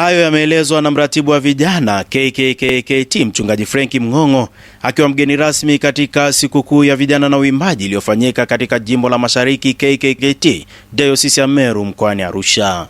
Hayo yameelezwa na mratibu wa vijana KKKKT mchungaji Frenki Mng'ong'o akiwa mgeni rasmi katika sikukuu ya vijana na uimbaji iliyofanyika katika jimbo la Mashariki KKKT dayosisi ya Meru mkoani Arusha.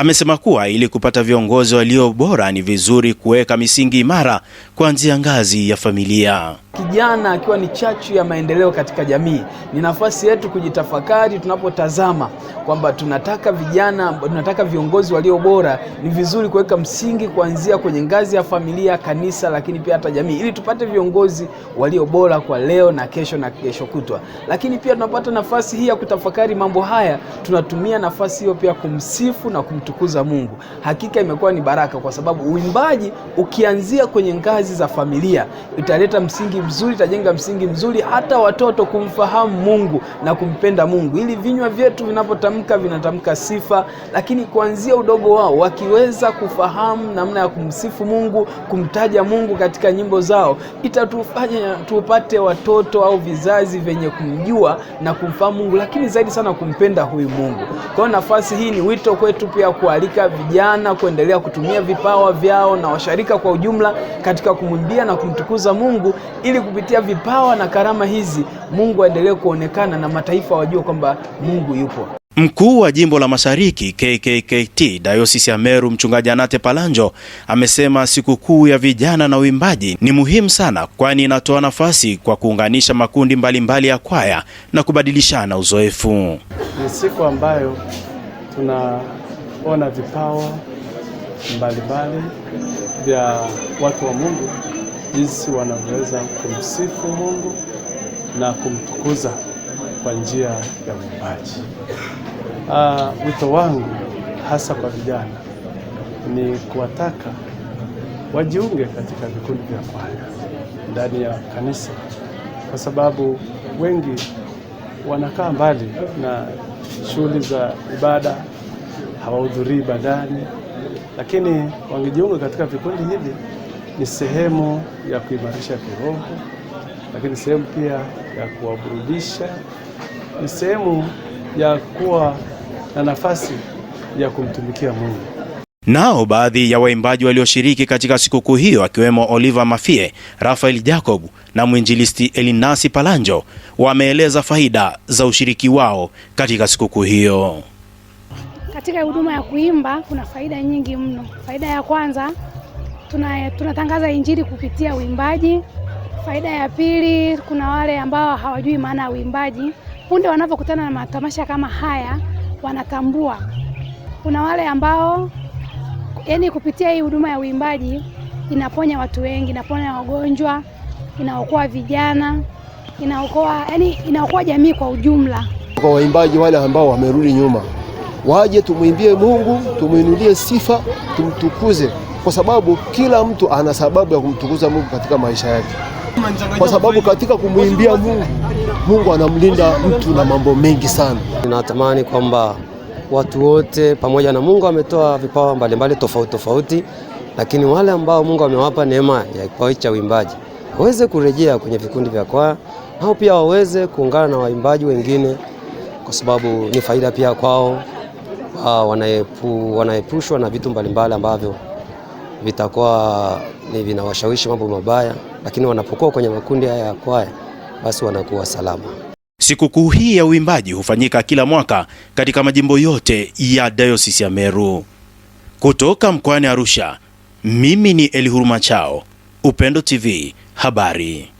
Amesema kuwa ili kupata viongozi walio bora ni vizuri kuweka misingi imara kuanzia ngazi ya familia. Kijana akiwa ni chachu ya maendeleo katika jamii, ni nafasi yetu kujitafakari tunapotazama kwamba tunataka vijana, tunataka viongozi walio bora. Ni vizuri kuweka msingi kuanzia kwenye ngazi ya familia, kanisa, lakini pia hata jamii, ili tupate viongozi walio bora kwa leo na kesho na kesho kutwa. Lakini pia tunapata nafasi hii ya kutafakari mambo haya, tunatumia nafasi hiyo pia kumsifu na kum kumtukuza Mungu, hakika imekuwa ni baraka, kwa sababu uimbaji ukianzia kwenye ngazi za familia italeta msingi mzuri, itajenga msingi mzuri hata watoto kumfahamu Mungu na kumpenda Mungu, ili vinywa vyetu vinapotamka vinatamka sifa, lakini kuanzia udogo wao wakiweza kufahamu namna ya kumsifu Mungu, kumtaja Mungu katika nyimbo zao, itatufanya tupate watoto au vizazi vyenye kumjua na kumfahamu Mungu, lakini zaidi sana kumpenda huyu Mungu. Kwa nafasi hii ni wito kwetu pia kuendelea kualika vijana kuendelea kutumia vipawa vyao na washarika kwa ujumla katika kumwimbia na kumtukuza Mungu, ili kupitia vipawa na karama hizi Mungu aendelee kuonekana na mataifa wajue kwamba Mungu yupo. Mkuu wa jimbo la Mashariki KKKT Dayosisi ya Meru Mchungaji Anate Palanjo amesema sikukuu ya vijana na uimbaji ni muhimu sana, kwani inatoa nafasi kwa kuunganisha makundi mbalimbali mbali ya kwaya na kubadilishana uzoefu. Ni siku ambayo tuna ona vipawa mbalimbali vya watu wa Mungu, jinsi wanavyoweza kumsifu Mungu na kumtukuza kwa njia ya uumbaji. Uh, wito wangu hasa kwa vijana ni kuwataka wajiunge katika vikundi vya kwaya ndani ya kanisa, kwa sababu wengi wanakaa mbali na shughuli za ibada hawahudhurii bandani, lakini wangejiunga katika vikundi hivi, ni sehemu ya kuimarisha kiroho, lakini sehemu pia ya kuwaburudisha, ni sehemu ya kuwa na nafasi ya kumtumikia Mungu. Nao baadhi ya waimbaji walioshiriki katika sikukuu hiyo akiwemo Oliver Mafie, Rafael Jacob na mwinjilisti Elinasi Palanjo wameeleza faida za ushiriki wao katika sikukuu hiyo. Katika huduma ya kuimba kuna faida nyingi mno. Faida ya kwanza tuna, tunatangaza injili kupitia uimbaji. Faida ya pili, kuna wale ambao hawajui maana ya uimbaji, punde wanapokutana na matamasha kama haya wanatambua. Kuna wale ambao yani, kupitia hii huduma ya uimbaji inaponya watu wengi, inaponya wagonjwa, inaokoa vijana, inaokoa yani, inaokoa jamii kwa ujumla, kwa waimbaji wale ambao wamerudi nyuma waje tumwimbie Mungu, tumwinulie sifa, tumtukuze, kwa sababu kila mtu ana sababu ya kumtukuza Mungu katika maisha yake, kwa sababu katika kumwimbia Mungu, Mungu anamlinda mtu na mambo mengi sana. Ninatamani kwamba watu wote pamoja na Mungu ametoa vipawa mbalimbali tofauti tofauti, lakini wale ambao Mungu amewapa neema ya kipawa cha uimbaji waweze kurejea kwenye vikundi vya kwaya, nao pia waweze kuungana na waimbaji wengine, kwa sababu ni faida pia kwao wanaepu, wanaepushwa na vitu mbalimbali ambavyo vitakuwa ni vinawashawishi mambo mabaya, lakini wanapokuwa kwenye makundi haya ya kwaya, basi wanakuwa salama. Sikukuu hii ya uimbaji hufanyika kila mwaka katika majimbo yote ya Dayosisi ya Meru. Kutoka mkoani Arusha, mimi ni Elihuru Machao, Upendo TV, habari.